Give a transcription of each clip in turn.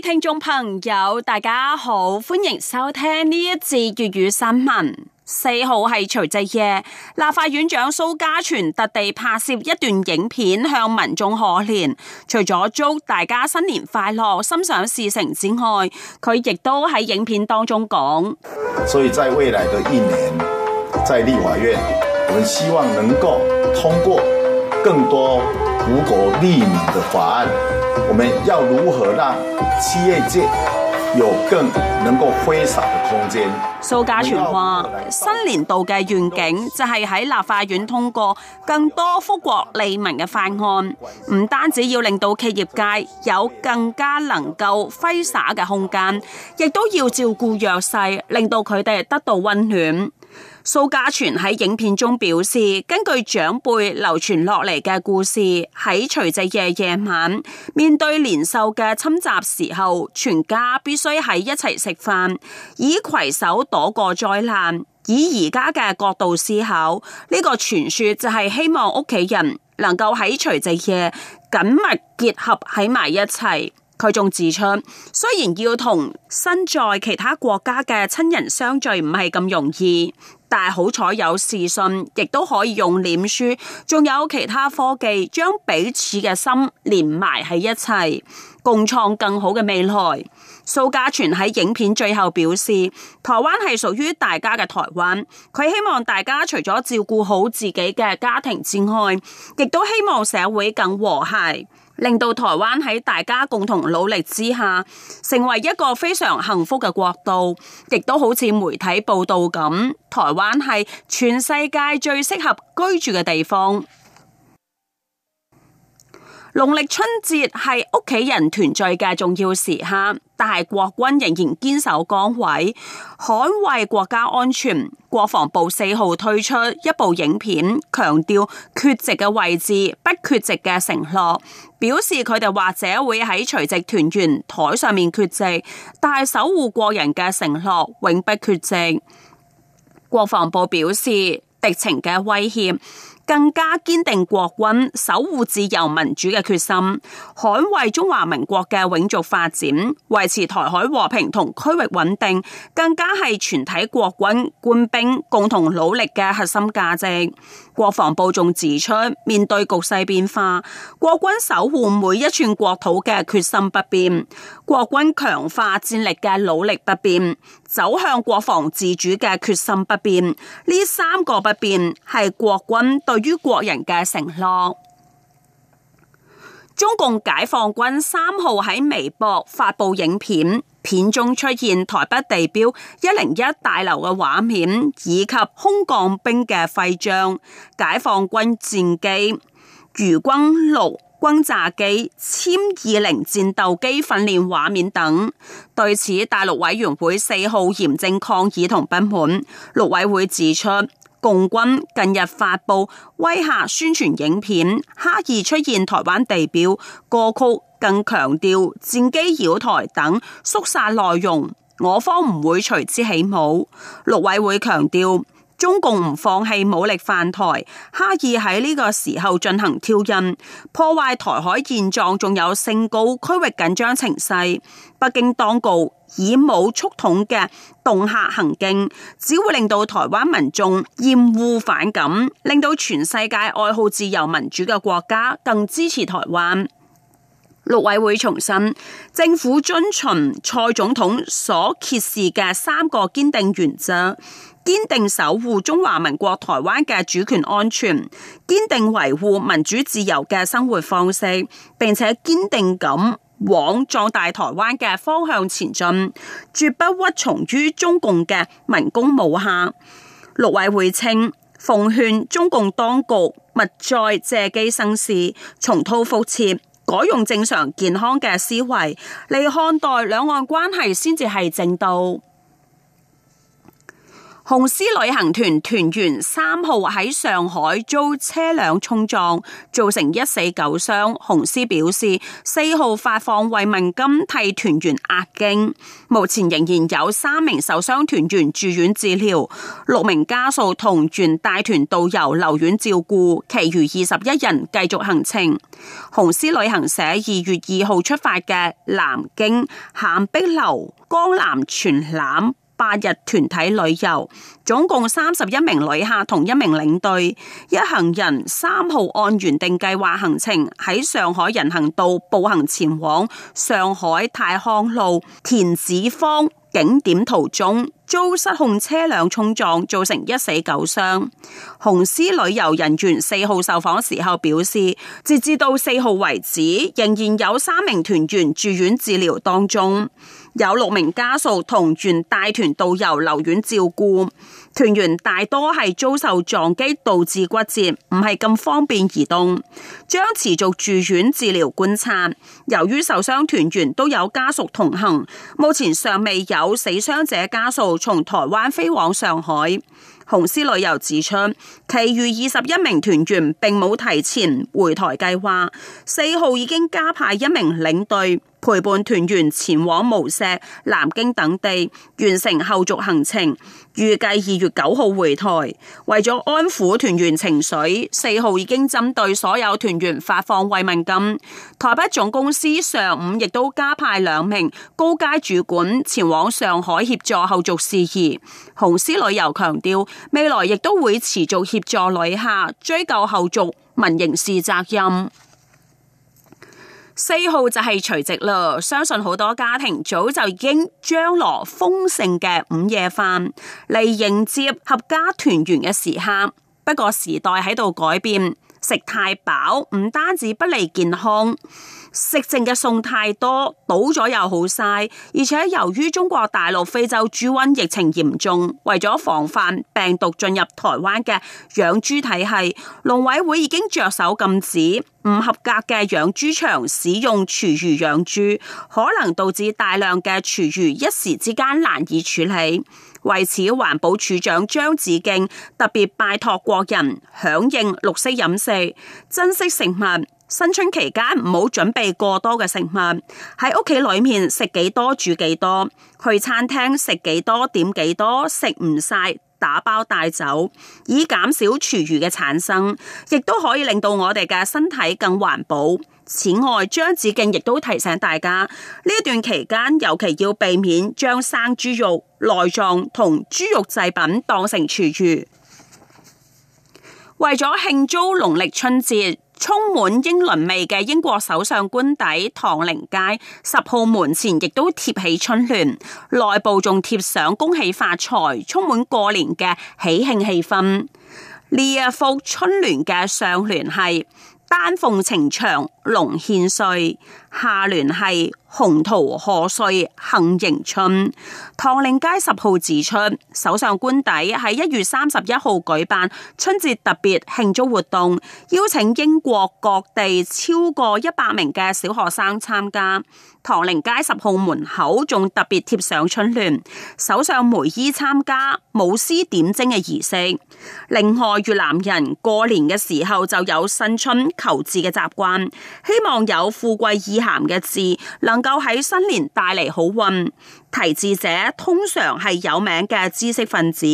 聽眾朋友，大家好，歡迎收聽呢一節粵語新聞。四號係除夕夜，立法院長蘇嘉全特地拍攝一段影片向民眾賀年，除咗祝大家新年快樂、心想事成之外，佢亦都喺影片當中講，所以在未來嘅一年，在立法院，我們希望能夠通過更多福國利民的法案，我們要如何讓企業界有更能夠揮灑的空間？蘇嘉全話：新年度嘅願景就係喺立法院通過更多福國利民嘅法案，唔單止要令到企業界有更加能夠揮灑嘅空間，亦都要照顧弱勢，令到佢哋得到溫暖。蘇家全喺影片中表示，根據長輩流傳落嚟嘅故事，喺除夕夜夜晚面對年獸嘅侵襲時候，全家必須喺一齊食飯，以攜手躲過災難。以而家嘅角度思考，呢個傳說就係希望屋企人能夠喺除夕夜緊密結合喺埋一齊。佢仲指出，雖然要同身在其他國家嘅親人相聚唔係咁容易，但係好彩有視訊，亦都可以用臉書，仲有其他科技將彼此嘅心連埋喺一齊，共創更好嘅未來。蘇嘉全喺影片最後表示，台灣係屬於大家嘅台灣，佢希望大家除咗照顧好自己嘅家庭之外，亦都希望社會更和諧。令到台灣喺大家共同努力之下，成為一個非常幸福嘅國度，亦都好似媒體報導咁，台灣係全世界最適合居住嘅地方。農曆春節係屋企人團聚嘅重要時刻，但係國軍仍然堅守崗位，捍衛國家安全。國防部四號推出一部影片，強調缺席嘅位置不缺席嘅承諾，表示佢哋或者會喺除夕團圓桌上面缺席，但係守護國人嘅承諾永不缺席。國防部表示，敵情嘅威脅。更加堅定國軍守護自由民主嘅決心，捍衛中華民國嘅永續發展，維持台海和平同區域穩定，更加係全體國軍官兵共同努力嘅核心價值。國防部仲指出，面對局勢變化，國軍守護每一寸國土嘅決心不變，國軍強化戰力嘅努力不變，走向國防自主嘅決心不變，呢三個不變係國軍對於國人嘅承諾。中共解放軍三號喺微博發布影片，片中出現台北地標、一零一大樓嘅畫面，以及空降兵嘅徽章、解放軍戰機。魚轟六轟炸機、殲二零戰鬥機訓練畫面等，對此大陸委員會四號嚴正抗議同不滿。陸委會指出，共軍近日發布威嚇宣傳影片，刻意出現台灣地表、歌曲，更強調戰機繞台等肅殺內容。我方唔會隨之起舞。陸委會強調。中共唔放棄武力犯台，刻意喺呢個時候進行挑釁，破壞台海現狀，仲有升高區域緊張情勢。北京當局以武促統嘅恫嚇行徑，只會令到台灣民眾厭惡反感，令到全世界愛好自由民主嘅國家更支持台灣。陸委會重申，政府遵循蔡總統所揭示嘅三個堅定原則。堅定守護中華民國台灣嘅主權安全，堅定維護民主自由嘅生活方式，並且堅定咁往壯大台灣嘅方向前進，絕不屈從於中共嘅文攻武嚇。陸委會稱，奉勸中共當局勿再借機生事，重蹈覆轍，改用正常健康嘅思維嚟看待兩岸關係，先至係正道。紅絲旅行團團員三號喺上海遭車輛衝撞，造成一死九傷。雄獅表示，四號發放慰問金替團員壓驚。目前仍然有三名受傷團員住院治療，六名家屬同原帶團導遊留院照顧，其餘二十一人繼續行程。雄獅旅行社二月二號出發嘅南京、寒碧樓、江南全覽。八日團體旅遊，總共三十一名旅客同一名領隊，一行人三號按原定計劃行程喺上海人行道步行前往上海泰康路田子坊景點途中，遭失控車輛衝撞，造成一死九傷。雄獅旅遊人員四號受訪時候表示，截至到四號為止，仍然有三名團員住院治療當中。有六名家屬同原帶團導遊留院照顧，團員大多係遭受撞擊導致骨折，唔係咁方便移動，將持續住院治療觀察。由於受傷團員都有家屬同行，目前尚未有死傷者家屬從台灣飛往上海。雄獅旅遊指出，其餘二十一名團員並冇提前回台計劃，四號已經加派一名領隊陪伴團員前往無錫、南京等地完成後續行程，預計二月九號回台。為咗安撫團員情緒，四號已經針對所有團員發放慰問金。台北總公司。之上午亦都加派兩名高階主管前往上海協助後續事宜。雄獅旅遊強調，未來亦都會持續協助旅客追究後續民事責任。四號就係除夕啦，相信好多家庭早就已經張羅豐盛嘅午夜飯嚟迎接合家團圓嘅時刻。不過時代喺度改變，食太飽唔單止不利健康。食剩嘅餸太多，倒咗又好晒，而且由於中國大陸非洲豬瘟疫情嚴重，為咗防範病毒進入台灣嘅養豬體系，農委會已經着手禁止唔合格嘅養豬場使用廚餘養豬，可能導致大量嘅廚餘一時之間難以處理。為此，環保署長張子敬特別拜託國人響應綠色飲食，珍惜食物。新春期間唔好準備過多嘅食物，喺屋企裏面食幾多煮幾多，去餐廳食幾多點幾多，食唔晒打包帶走，以減少廚餘嘅產生，亦都可以令到我哋嘅身體更環保。此外，張子敬亦都提醒大家，呢段期間尤其要避免將生豬肉、內臟同豬肉製品當成廚餘。為咗慶祝農曆春節，充滿英倫味嘅英國首相官邸唐寧街十號門前，亦都貼起春聯，內部仲貼上恭喜發財，充滿過年嘅喜慶氣氛。呢一幅春聯嘅上聯係。丹鳳呈祥龍獻瑞，下聯係紅桃賀歲杏迎春。唐寧街十號指出，首相官邸喺一月三十一號舉辦春節特別慶祝活動，邀請英國各地超過一百名嘅小學生參加。唐寧街十號門口仲特別貼上春聯，首相梅姨參加舞獅點睛嘅儀式。另外，越南人過年嘅時候就有新春求字嘅習慣，希望有富貴意涵嘅字能夠喺新年帶嚟好運。提字者通常係有名嘅知識分子，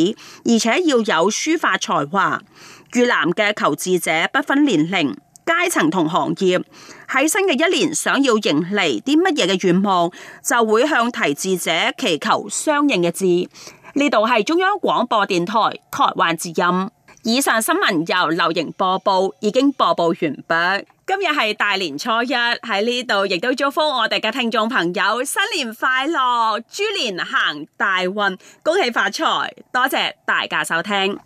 而且要有書法才華。越南嘅求字者不分年齡、階層同行業，喺新嘅一年想要迎嚟啲乜嘢嘅願望，就會向提字者祈求相應嘅字。呢度係中央廣播電台台灣之音。以上新聞由流瑩播報，已經播報完畢。今日係大年初一，喺呢度亦都祝福我哋嘅聽眾朋友新年快樂，豬年行大運，恭喜發財！多謝大家收聽。